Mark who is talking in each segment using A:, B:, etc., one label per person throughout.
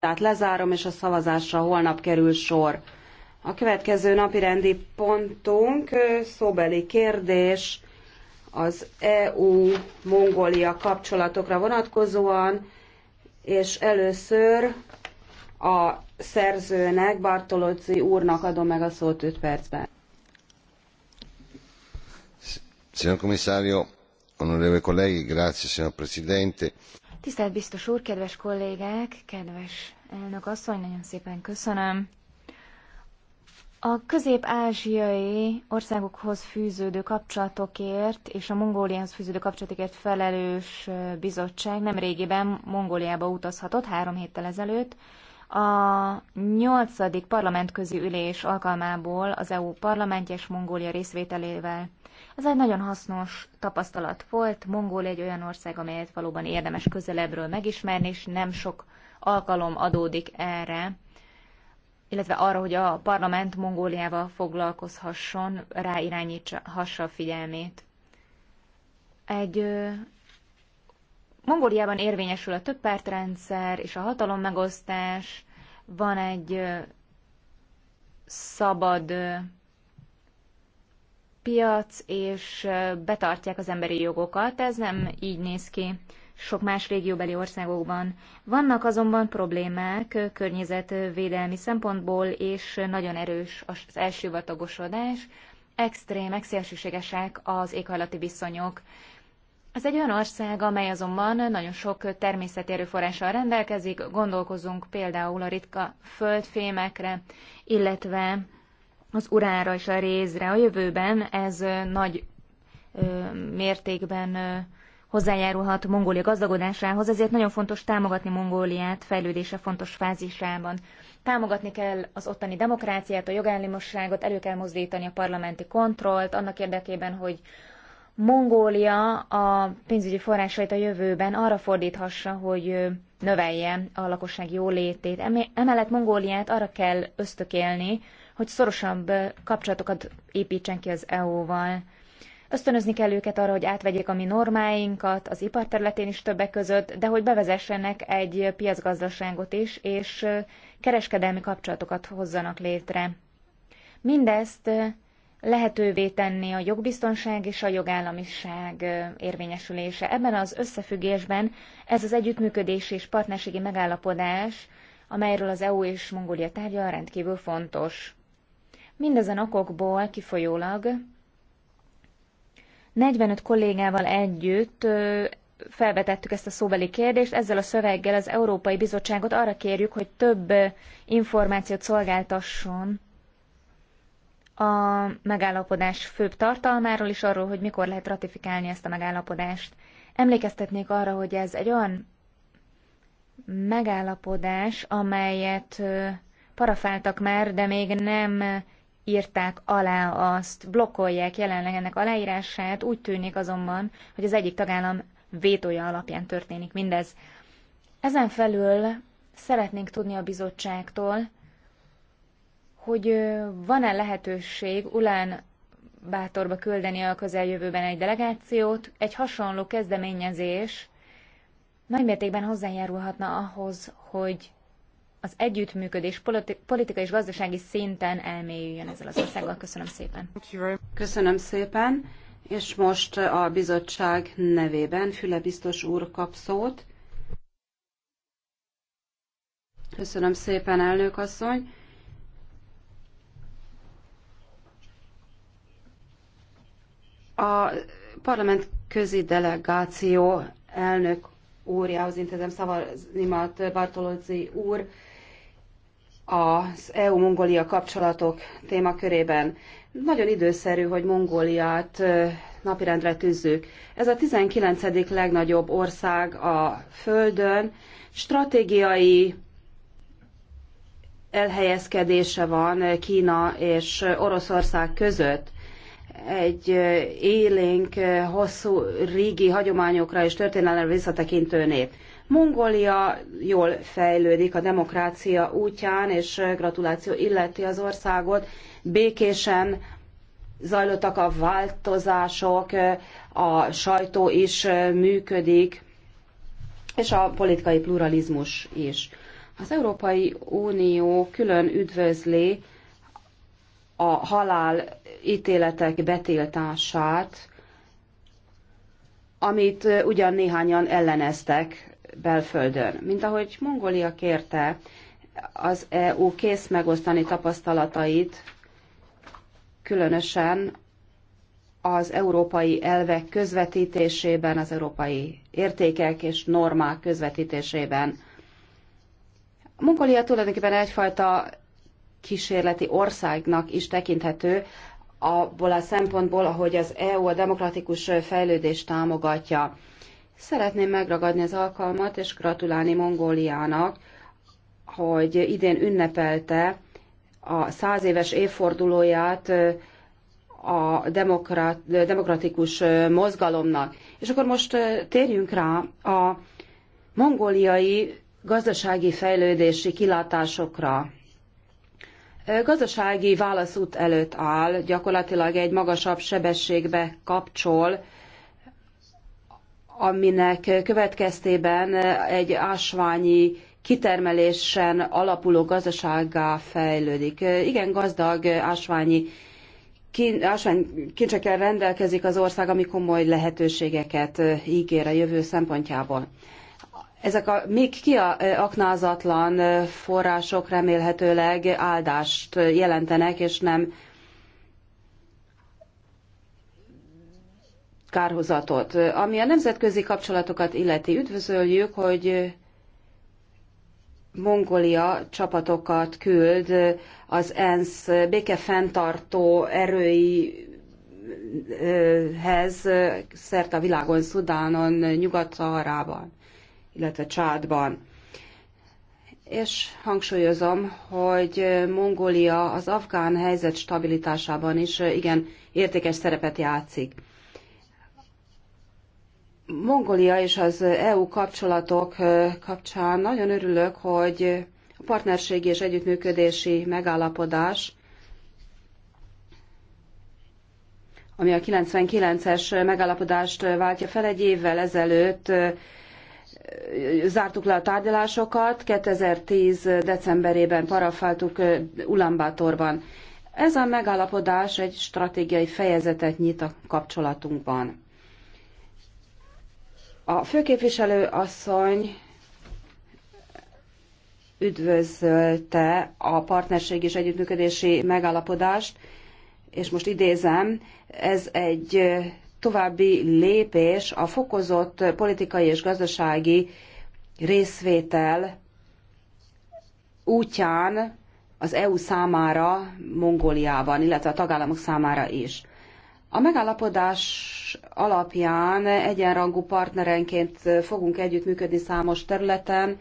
A: tehát lezárom, és a szavazásra holnap kerül sor. A következő napi rendi pontunk szóbeli kérdés az EU-Mongolia kapcsolatokra vonatkozóan, és először a szerzőnek, Bartolozzi úrnak adom meg a szót 5 percben.
B: Signor Commissario, onorevoli colleghi, grazie signor Presidente.
C: Tisztelt biztos úr, kedves kollégák, kedves elnök asszony, nagyon szépen köszönöm. A közép-ázsiai országokhoz fűződő kapcsolatokért és a Mongóliához fűződő kapcsolatokért felelős bizottság nem régiben Mongóliába utazhatott három héttel ezelőtt, a nyolcadik parlamentközi ülés alkalmából az EU parlamentje és Mongólia részvételével. Ez egy nagyon hasznos tapasztalat volt. Mongólia egy olyan ország, amelyet valóban érdemes közelebbről megismerni, és nem sok alkalom adódik erre, illetve arra, hogy a parlament Mongóliával foglalkozhasson, ráirányítsa a figyelmét. Egy Mongóliában érvényesül a többpártrendszer és a hatalom megosztás, van egy szabad piac, és betartják az emberi jogokat. Ez nem így néz ki sok más régióbeli országokban. Vannak azonban problémák környezetvédelmi szempontból, és nagyon erős az elsivatagosodás, extrém, megszélsőségesek az éghajlati viszonyok. Ez egy olyan ország, amely azonban nagyon sok természeti erőforrással rendelkezik, gondolkozunk például a ritka földfémekre, illetve az urára és a rézre. A jövőben ez nagy mértékben hozzájárulhat Mongólia gazdagodásához, ezért nagyon fontos támogatni Mongóliát fejlődése fontos fázisában. Támogatni kell az ottani demokráciát, a jogállamosságot, elő kell mozdítani a parlamenti kontrollt, annak érdekében, hogy Mongólia a pénzügyi forrásait a jövőben arra fordíthassa, hogy növelje a lakosság jólétét. Emellett Mongóliát arra kell ösztökélni, hogy szorosabb kapcsolatokat építsen ki az EU-val. Ösztönözni kell őket arra, hogy átvegyék a mi normáinkat, az iparterületén is többek között, de hogy bevezessenek egy piacgazdaságot is, és kereskedelmi kapcsolatokat hozzanak létre. Mindezt lehetővé tenni a jogbiztonság és a jogállamiság érvényesülése. Ebben az összefüggésben ez az együttműködés és partnerségi megállapodás, amelyről az EU és Mongólia tárgya rendkívül fontos. Mindezen okokból kifolyólag 45 kollégával együtt felvetettük ezt a szóbeli kérdést, ezzel a szöveggel az Európai Bizottságot arra kérjük, hogy több információt szolgáltasson a megállapodás főbb tartalmáról is arról, hogy mikor lehet ratifikálni ezt a megállapodást. Emlékeztetnék arra, hogy ez egy olyan megállapodás, amelyet parafáltak már, de még nem írták alá azt, blokkolják jelenleg ennek aláírását, úgy tűnik azonban, hogy az egyik tagállam vétója alapján történik mindez. Ezen felül szeretnénk tudni a bizottságtól, hogy van-e lehetőség Ulán bátorba küldeni a közeljövőben egy delegációt, egy hasonló kezdeményezés nagymértékben hozzájárulhatna ahhoz, hogy az együttműködés politi- politikai és gazdasági szinten elmélyüljön ezzel az országgal. Köszönöm
A: szépen. Köszönöm szépen, és most a bizottság nevében Füle biztos úr kap szót. Köszönöm szépen, elnök asszony. A parlament közi delegáció elnök úrjához intézem szavazimat Bartolozzi úr az EU-Mongolia kapcsolatok témakörében. Nagyon időszerű, hogy Mongóliát napirendre tűzzük. Ez a 19. legnagyobb ország a Földön. Stratégiai elhelyezkedése van Kína és Oroszország között egy élénk, hosszú régi hagyományokra és történelemre visszatekintő nép. Mongólia jól fejlődik a demokrácia útján, és gratuláció illeti az országot. Békésen zajlottak a változások, a sajtó is működik, és a politikai pluralizmus is. Az Európai Unió külön üdvözli a halál ítéletek betiltását, amit ugyan néhányan elleneztek belföldön. Mint ahogy Mongolia kérte, az EU kész megosztani tapasztalatait, különösen az európai elvek közvetítésében, az európai értékek és normák közvetítésében. Mongolia tulajdonképpen egyfajta kísérleti országnak is tekinthető, abból a szempontból, ahogy az EU a demokratikus fejlődést támogatja. Szeretném megragadni az alkalmat és gratulálni Mongóliának, hogy idén ünnepelte a száz éves évfordulóját a demokrat, demokratikus mozgalomnak. És akkor most térjünk rá a mongóliai gazdasági fejlődési kilátásokra gazdasági válaszút előtt áll, gyakorlatilag egy magasabb sebességbe kapcsol, aminek következtében egy ásványi kitermelésen alapuló gazdasággá fejlődik. Igen, gazdag ásványi kincsekkel rendelkezik az ország, ami komoly lehetőségeket ígér a jövő szempontjából ezek a még kiaknázatlan források remélhetőleg áldást jelentenek, és nem kárhozatot. Ami a nemzetközi kapcsolatokat illeti, üdvözöljük, hogy Mongolia csapatokat küld az ENSZ békefenntartó erőihez szerte a világon, Szudánon, Nyugat-Szaharában illetve Csádban. És hangsúlyozom, hogy Mongólia az afgán helyzet stabilitásában is igen értékes szerepet játszik. Mongolia és az EU kapcsolatok kapcsán nagyon örülök, hogy a partnerségi és együttműködési megállapodás, ami a 99-es megállapodást váltja fel egy évvel ezelőtt, zártuk le a tárgyalásokat, 2010. decemberében parafáltuk Ulaanbaatorban. Ez a megállapodás egy stratégiai fejezetet nyit a kapcsolatunkban. A főképviselő asszony üdvözölte a partnerség és együttműködési megállapodást, és most idézem, ez egy további lépés a fokozott politikai és gazdasági részvétel útján az EU számára Mongóliában, illetve a tagállamok számára is. A megállapodás alapján egyenrangú partnerenként fogunk együttműködni számos területen,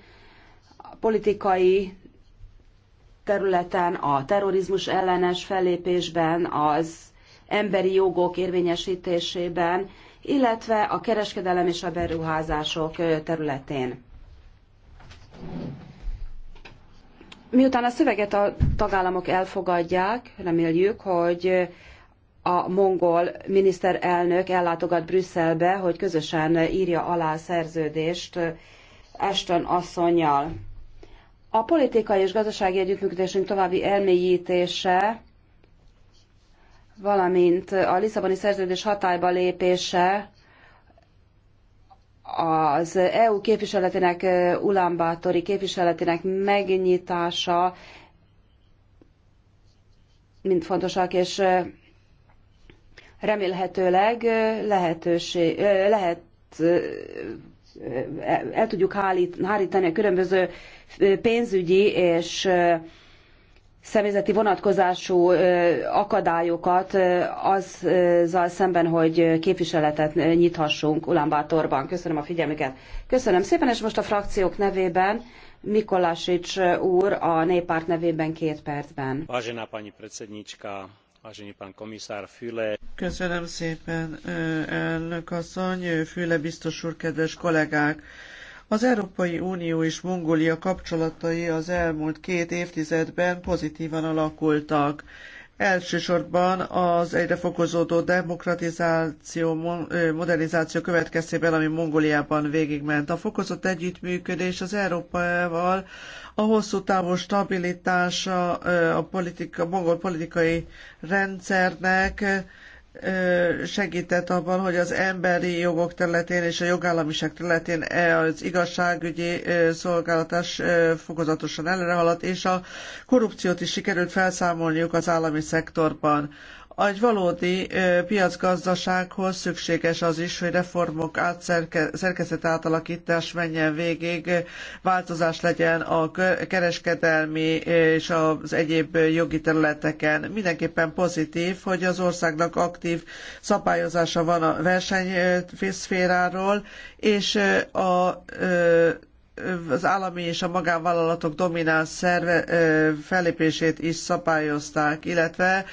A: a politikai területen, a terrorizmus ellenes fellépésben, az emberi jogok érvényesítésében, illetve a kereskedelem és a beruházások területén. Miután a szöveget a tagállamok elfogadják, reméljük, hogy a mongol miniszterelnök ellátogat Brüsszelbe, hogy közösen írja alá a szerződést Ashton asszonyjal. A politikai és gazdasági együttműködésünk további elmélyítése valamint a Lisszaboni szerződés hatályba lépése az EU képviseletének, e, ulambátori képviseletének megnyitása mind fontosak, és e, remélhetőleg e, lehetőség, lehet el tudjuk hárítani a különböző pénzügyi és személyzeti vonatkozású akadályokat azzal szemben, hogy képviseletet nyithassunk Ulánbátorban. Köszönöm a figyelmüket. Köszönöm szépen, és most a frakciók nevében Mikolásics úr a néppárt nevében két percben.
B: Vážená pani predsedníčka, vážený pán komisár Füle.
D: Köszönöm szépen, elnök asszony, Füle biztos úr, kedves kollégák. Az Európai Unió és Mongólia kapcsolatai az elmúlt két évtizedben pozitívan alakultak. Elsősorban az egyre fokozódó demokratizáció, modernizáció következtében, ami Mongóliában végigment. A fokozott együttműködés az Európával a hosszú távú stabilitása a, politika, a mongol politikai rendszernek segített abban, hogy az emberi jogok területén és a jogállamiság területén e az igazságügyi szolgálatás fokozatosan előrehaladt, és a korrupciót is sikerült felszámolniuk az állami szektorban. Egy valódi piacgazdasághoz szükséges az is, hogy reformok átszerke, szerkezet átalakítás menjen végig, változás legyen a kereskedelmi és az egyéb jogi területeken. Mindenképpen pozitív, hogy az országnak aktív szabályozása van a versenyszféráról, és a az állami és a magánvállalatok domináns szerve, fellépését is szabályozták, illetve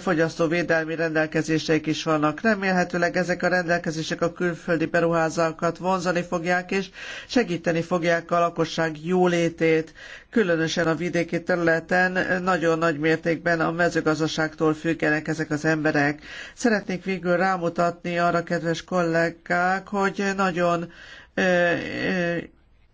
D: fogyasztóvédelmi rendelkezéseik is vannak. Remélhetőleg ezek a rendelkezések a külföldi beruházókat vonzani fogják, és segíteni fogják a lakosság jólétét, különösen a vidéki területen nagyon nagy mértékben a mezőgazdaságtól függenek ezek az emberek. Szeretnék végül rámutatni arra, kedves kollégák, hogy nagyon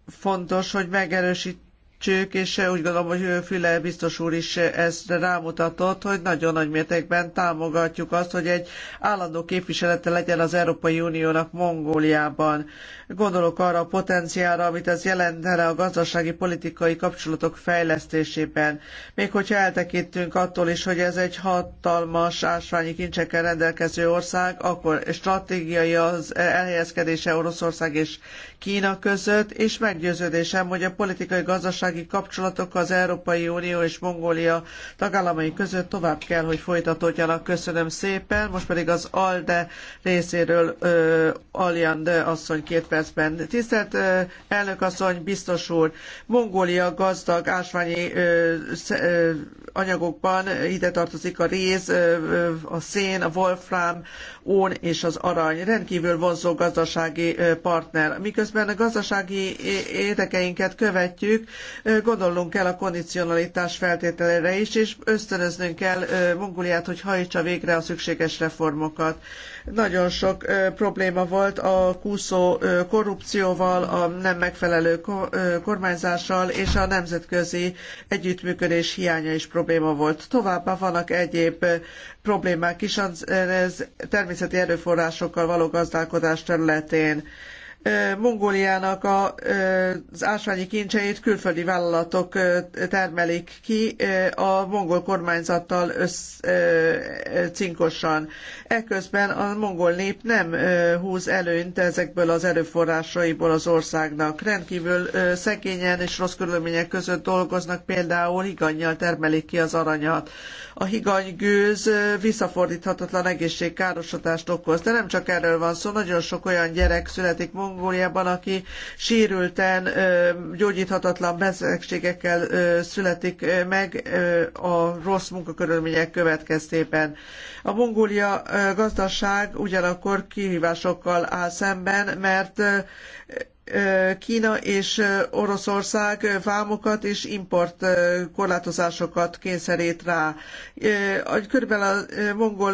D: fontos, hogy megerősít, csők, és úgy gondolom, hogy Füle biztos úr is ezt rámutatott, hogy nagyon nagy mértékben támogatjuk azt, hogy egy állandó képviselete legyen az Európai Uniónak Mongóliában. Gondolok arra a potenciára, amit ez jelentene a gazdasági politikai kapcsolatok fejlesztésében. Még hogyha eltekintünk attól is, hogy ez egy hatalmas ásványi kincsekkel rendelkező ország, akkor stratégiai az elhelyezkedése Oroszország és Kína között, és meggyőződésem, hogy a politikai gazdaság gazdasági kapcsolatok az Európai Unió és Mongólia tagállamai között tovább kell, hogy folytatódjanak. Köszönöm szépen. Most pedig az ALDE részéről ö, Aliande asszony két percben. Tisztelt ö, elnök asszony, biztos úr, Mongólia gazdag ásványi ö, ö, anyagokban ide tartozik a réz, a szén, a wolfram, ón és az arany. Rendkívül vonzó gazdasági partner. Miközben a gazdasági érdekeinket követjük, gondolnunk kell a kondicionalitás feltételére is, és ösztönöznünk kell Mongóliát, hogy hajtsa végre a szükséges reformokat. Nagyon sok probléma volt a kúszó korrupcióval, a nem megfelelő kormányzással és a nemzetközi együttműködés hiánya is probléma volt. Továbbá vannak egyéb problémák is az természeti erőforrásokkal való gazdálkodás területén. Mongóliának a, az ásványi kincseit külföldi vállalatok termelik ki a mongol kormányzattal cinkosan. Ekközben a mongol nép nem húz előnyt ezekből az erőforrásaiból az országnak. Rendkívül szegényen és rossz körülmények között dolgoznak, például higannyal termelik ki az aranyat. A higanygőz visszafordíthatatlan egészségkárosodást okoz, de nem csak erről van szó, nagyon sok olyan gyerek születik Mongóliában, Mongóliában, aki sérülten, gyógyíthatatlan betegségekkel születik meg a rossz munkakörülmények következtében. A Mongólia gazdaság ugyanakkor kihívásokkal áll szemben, mert Kína és Oroszország vámokat és import korlátozásokat kényszerít rá. Körülbelül a mongol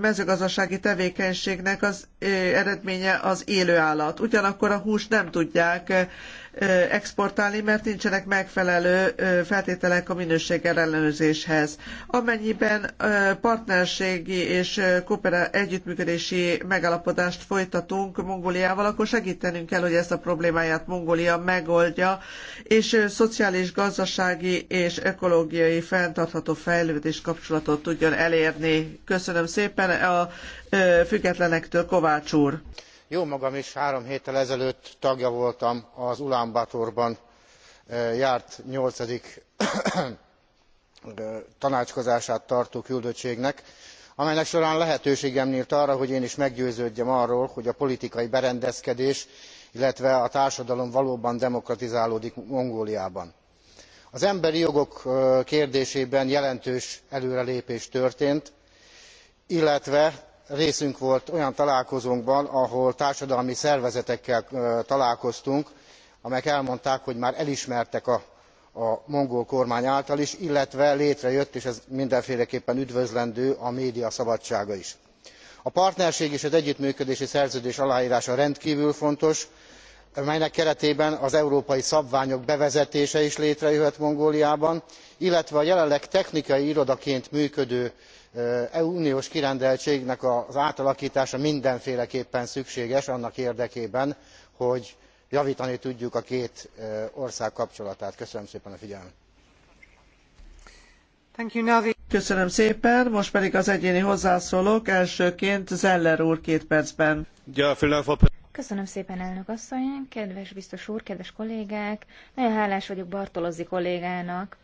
D: mezőgazdasági tevékenységnek az eredménye az élőállat. Ugyanakkor a húst nem tudják exportálni, mert nincsenek megfelelő feltételek a minőség ellenőrzéshez. Amennyiben partnerségi és együttműködési megállapodást folytatunk Mongóliával, akkor segítenünk kell, hogy ezt a problémáját Mongólia megoldja, és szociális, gazdasági és ökológiai fenntartható fejlődés kapcsolatot tudjon elérni. Köszönöm szépen a függetlenektől Kovács
B: úr jómagam is három héttel ezelőtt tagja voltam az ulán batorban eh, járt nyolcadik tanácskozását tartó küldöttségnek amelynek során lehetőségem nylt arra hogy én is meggyőződjem arról hogy a politikai berendezkedés illetve a társadalom valóban demokratizálódik mongóliában. az emberi jogok eh, kérdésében jelentős előrelépés történt illetve részünk volt olyan találkozónkban ahol társadalmi szervezetekkel találkoztunk amelyek elmondták hogy már elismertek a mongol kormány által is illetve létrejött és ez mindenféleképpen üdvözlendő a média szabadsága is. a partnerség és együttműködési szerződés alárása rendkvül fontos melynek keretében az európai szabványok bevezetése is létrejöhet mongóliában illetve a jelenleg technikai irodaként működő E uniós kirendeltségnek az átalaktása mindenféleképpen szükséges annak érdekében hogy javtani tudjuk a két ország kapcsolatát. köszönöm szépen a figyelmet.
D: Köszönöm szépen, most pedig az egyéni hozzászólók, elsőként Zeller
C: Köszönöm szépen, elnök asszony, kedves biztos úr, kedves nagyon hálás vagyok Bartolozzi kollégának,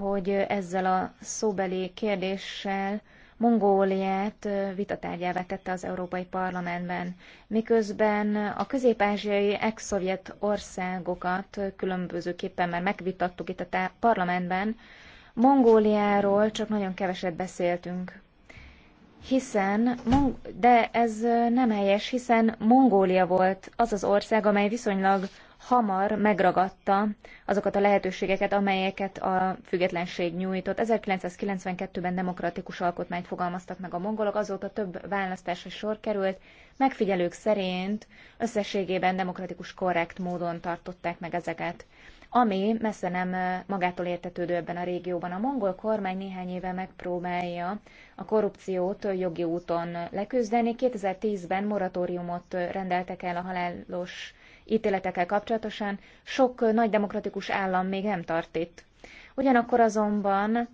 C: hogy ezzel a szóbeli kérdéssel Mongóliát vitatárgyává tette az Európai Parlamentben, miközben a közép-ázsiai ex-szovjet országokat különbözőképpen már megvitattuk itt a parlamentben, Mongóliáról csak nagyon keveset beszéltünk. Hiszen, de ez nem helyes, hiszen Mongólia volt az az ország, amely viszonylag hamar megragadta azokat a lehetőségeket, amelyeket a függetlenség nyújtott. 1992-ben demokratikus alkotmányt fogalmaztak meg a mongolok, azóta több választásra sor került. Megfigyelők szerint összességében demokratikus korrekt módon tartották meg ezeket ami messze nem magától értetődő ebben a régióban. A mongol kormány néhány éve megpróbálja a korrupciót jogi úton leküzdeni. 2010-ben moratóriumot rendeltek el a halálos ítéletekkel kapcsolatosan. Sok nagy demokratikus állam még nem tart itt. Ugyanakkor azonban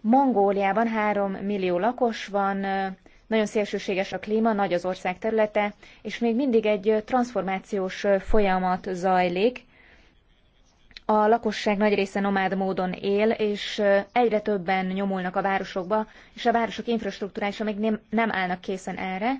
C: Mongóliában 3 millió lakos van, nagyon szélsőséges a klíma, nagy az ország területe, és még mindig egy transformációs folyamat zajlik. A lakosság nagy része nomád módon él, és egyre többen nyomulnak a városokba, és a városok infrastruktúrája még nem, nem állnak készen erre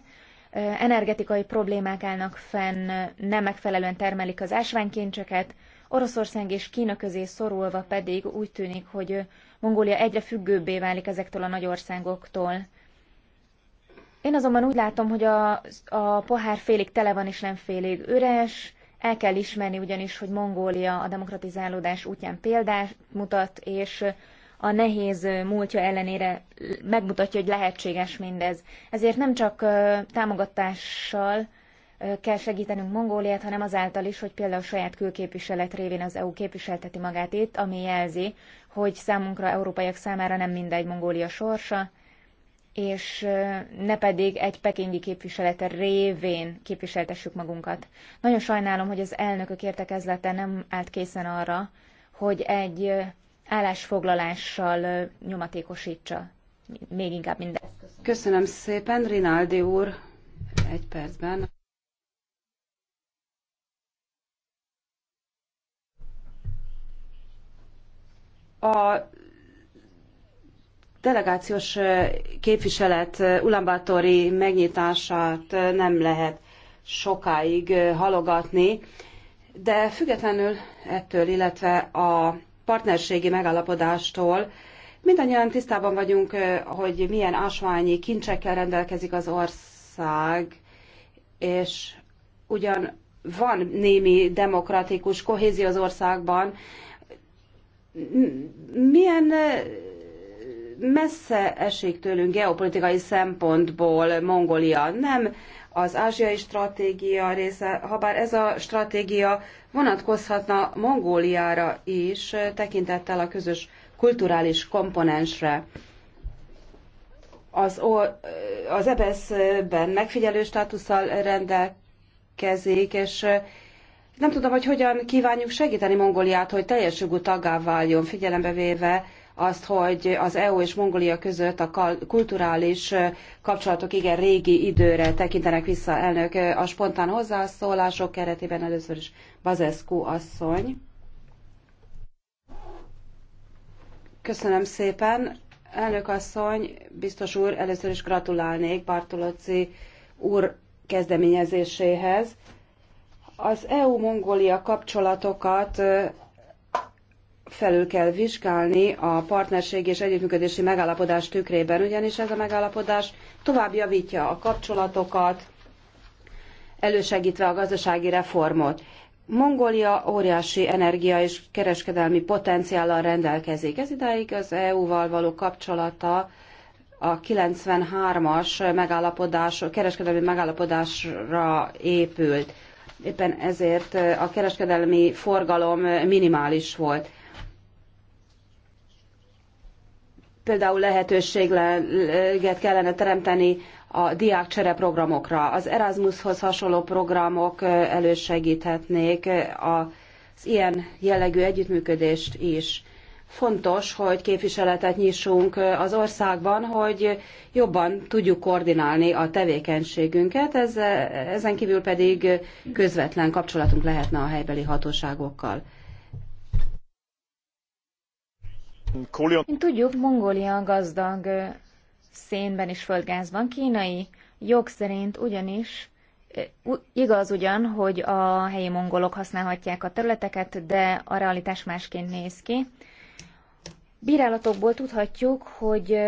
C: energetikai problémák állnak fenn, nem megfelelően termelik az ásványkincseket, Oroszország és Kína közé szorulva pedig úgy tűnik, hogy Mongólia egyre függőbbé válik ezektől a nagy országoktól. Én azonban úgy látom, hogy a, a pohár félig tele van és nem félig üres, el kell ismerni ugyanis, hogy Mongólia a demokratizálódás útján példát mutat, és a nehéz múltja ellenére megmutatja, hogy lehetséges mindez. Ezért nem csak támogatással kell segítenünk Mongóliát, hanem azáltal is, hogy például a saját külképviselet révén az EU képviselteti magát itt, ami jelzi, hogy számunkra, európaiak számára nem mindegy Mongólia sorsa, és ne pedig egy pekingi képviselete révén képviseltessük magunkat. Nagyon sajnálom, hogy az elnökök értekezlete nem állt készen arra, hogy egy
A: állásfoglalással nyomatékosítsa még inkább mindent. Köszönöm. szépen, Rinaldi úr, egy percben. A delegációs képviselet Ulaanbaatori megnyitását nem lehet sokáig halogatni, de függetlenül ettől, illetve a partnerségi megállapodástól. Mindannyian tisztában vagyunk, hogy milyen ásványi kincsekkel rendelkezik az ország, és ugyan van némi demokratikus kohézió az országban, milyen messze esik tőlünk geopolitikai szempontból Mongolia. Nem az ázsiai stratégia része, habár ez a stratégia vonatkozhatna Mongóliára is, tekintettel a közös kulturális komponensre. Az, o, az EBSZ-ben e megfigyelő státusszal rendelkezik, és nem tudom, hogy hogyan kívánjuk segíteni Mongóliát, hogy teljes jogú tagá váljon, figyelembe véve azt, hogy az EU és Mongolia között a kulturális kapcsolatok igen régi időre tekintenek vissza, elnök. A spontán hozzászólások keretében először is Bazescu asszony. Köszönöm szépen. Elnök asszony, biztos úr, először is gratulálnék Bartolozzi úr kezdeményezéséhez. Az EU-Mongolia kapcsolatokat felül kell vizsgálni a partnerség és együttműködési megállapodás tükrében, ugyanis ez a megállapodás tovább javítja a kapcsolatokat, elősegítve a gazdasági reformot. Mongolia óriási energia és kereskedelmi potenciállal rendelkezik. Ez idáig az EU-val való kapcsolata a 93-as megállapodás, kereskedelmi megállapodásra épült. Éppen ezért a kereskedelmi forgalom minimális volt. például lehetőséget kellene teremteni a diákcsere programokra. Az Erasmushoz hasonló programok elősegíthetnék az ilyen jellegű együttműködést is. Fontos, hogy képviseletet nyissunk az országban, hogy jobban tudjuk koordinálni a tevékenységünket, ezen kívül pedig közvetlen kapcsolatunk lehetne a helybeli hatóságokkal.
C: Mint tudjuk, Mongólia gazdag szénben és földgázban. Kínai jog szerint ugyanis Igaz ugyan, hogy a helyi mongolok használhatják a területeket, de a realitás másként néz ki. Bírálatokból tudhatjuk, hogy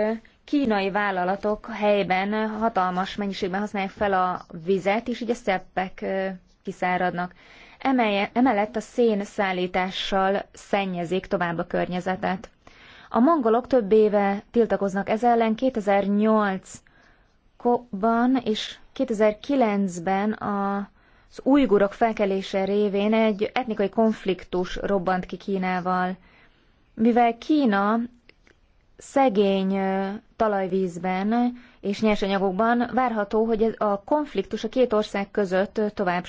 C: kínai vállalatok helyben hatalmas mennyiségben használják fel a vizet, és így a szeppek kiszáradnak. Emellett a szén szállítással szennyezik tovább a környezetet. A mongolok több éve tiltakoznak ez ellen, 2008-ban és 2009-ben a az ujgurok felkelése révén egy etnikai konfliktus robbant ki Kínával. Mivel Kína szegény talajvízben és nyersanyagokban várható, hogy a konfliktus a két ország között tovább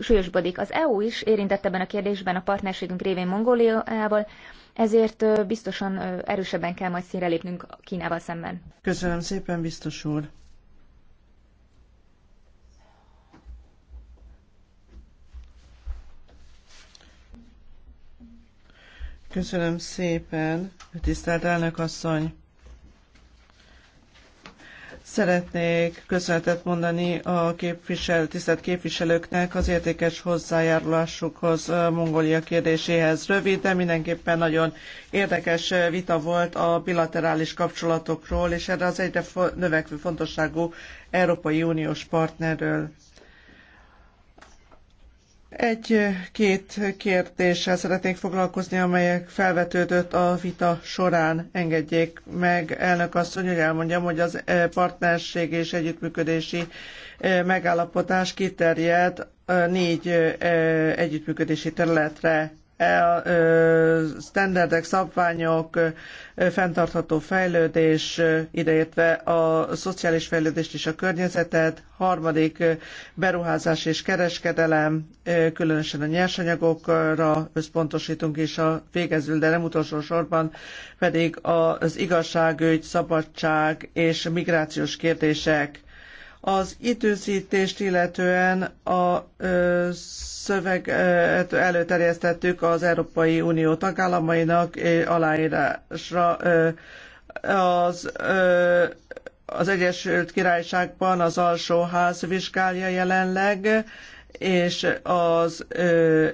C: súlyosbodik. Az EU is érintett ebben a kérdésben a partnerségünk révén Mongóliával, ezért biztosan erősebben kell majd színre lépnünk Kínával szemben.
D: Köszönöm szépen, biztos úr! Köszönöm szépen, tisztelt elnök asszony! Szeretnék köszönetet mondani a képvisel, tisztelt képviselőknek az értékes hozzájárulásukhoz Mongólia kérdéséhez. Rövid, de mindenképpen nagyon érdekes vita volt a bilaterális kapcsolatokról, és erre az egyre növekvő fontosságú Európai Uniós partnerről. Egy-két kérdéssel szeretnék foglalkozni, amelyek felvetődött a vita során. Engedjék meg, elnök asszony, hogy elmondjam, hogy az e, partnerség és együttműködési e, megállapodás kiterjed e, négy együttműködési területre a e, e, standardek, szabványok, fenntartható fejlődés, ideértve a szociális fejlődést és a környezetet, harmadik beruházás és kereskedelem, különösen a nyersanyagokra összpontosítunk, és a végezül, de nem utolsó sorban pedig az igazságügy, szabadság és migrációs kérdések az időzítést illetően a ö, szöveget előterjesztettük az Európai Unió tagállamainak aláírásra az, az Egyesült Királyságban az alsóház vizsgálja jelenleg, és az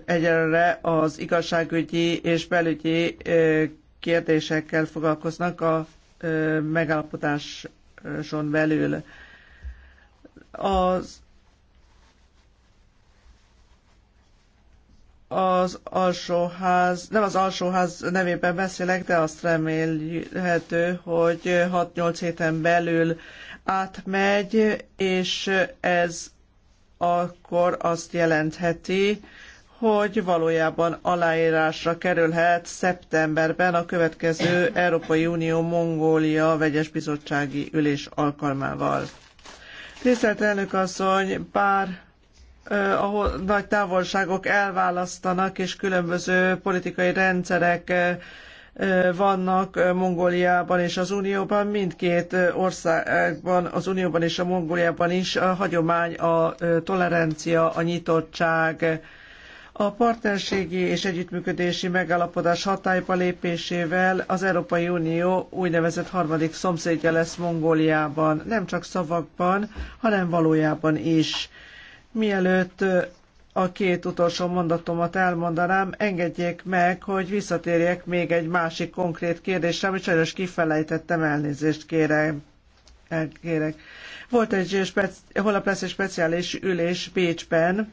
D: egyenre az igazságügyi és belügyi kérdésekkel foglalkoznak a megállapodáson belül az az alsóház, nem az alsóház nevében beszélek, de azt remélhető, hogy 6-8 héten belül átmegy, és ez akkor azt jelentheti, hogy valójában aláírásra kerülhet szeptemberben a következő Európai Unió Mongólia vegyes bizottsági ülés alkalmával. Tisztelt elnök asszony, bár ahol nagy távolságok elválasztanak, és különböző politikai rendszerek vannak Mongóliában és az Unióban, mindkét országban, az Unióban és a Mongóliában is a hagyomány a tolerancia, a nyitottság, a partnerségi és együttműködési megállapodás hatályba lépésével az Európai Unió úgynevezett harmadik szomszédja lesz Mongóliában, nem csak szavakban, hanem valójában is. Mielőtt a két utolsó mondatomat elmondanám, engedjék meg, hogy visszatérjek még egy másik konkrét kérdésre, amit sajnos kifelejtettem, elnézést kérem. El, kérek. Volt egy speci- holnap lesz egy speciális ülés Bécsben,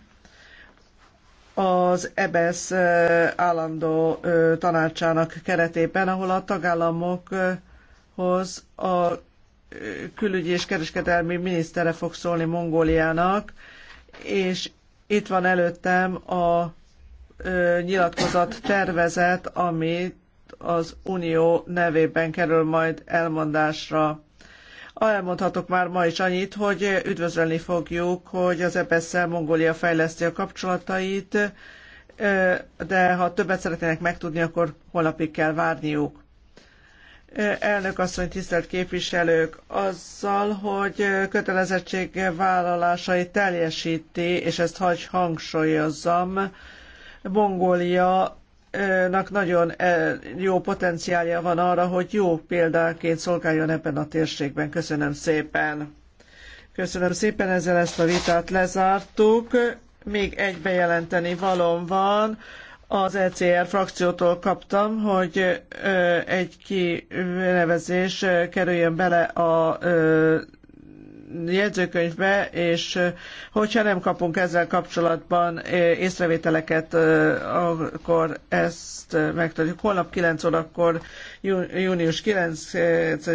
D: az EBSZ e állandó tanácsának keretében, ahol a tagállamokhoz a külügyi és kereskedelmi minisztere fog szólni Mongóliának, és itt van előttem a nyilatkozat tervezet, amit az Unió nevében kerül majd elmondásra. Elmondhatok már ma is annyit, hogy üdvözölni fogjuk, hogy az EBS-szel e Mongólia fejleszti a kapcsolatait, de ha többet szeretnének megtudni, akkor holnapig kell várniuk. Elnök asszony, tisztelt képviselők, azzal, hogy kötelezettségvállalásait teljesíti, és ezt hagy hangsúlyozzam, Mongólia nak nagyon eh, jó potenciálja van arra, hogy jó példaként szolgáljon ebben a térségben. Köszönöm szépen. Köszönöm szépen, ezzel ezt a vitát lezártuk. Még egy bejelenteni valom van. Az ECR frakciótól kaptam, hogy eh, egy kinevezés eh, kerüljön bele a jegyzőkönyvbe, és hogyha nem kapunk ezzel kapcsolatban észrevételeket, akkor ezt megtudjuk. Holnap 9 órakor, június 9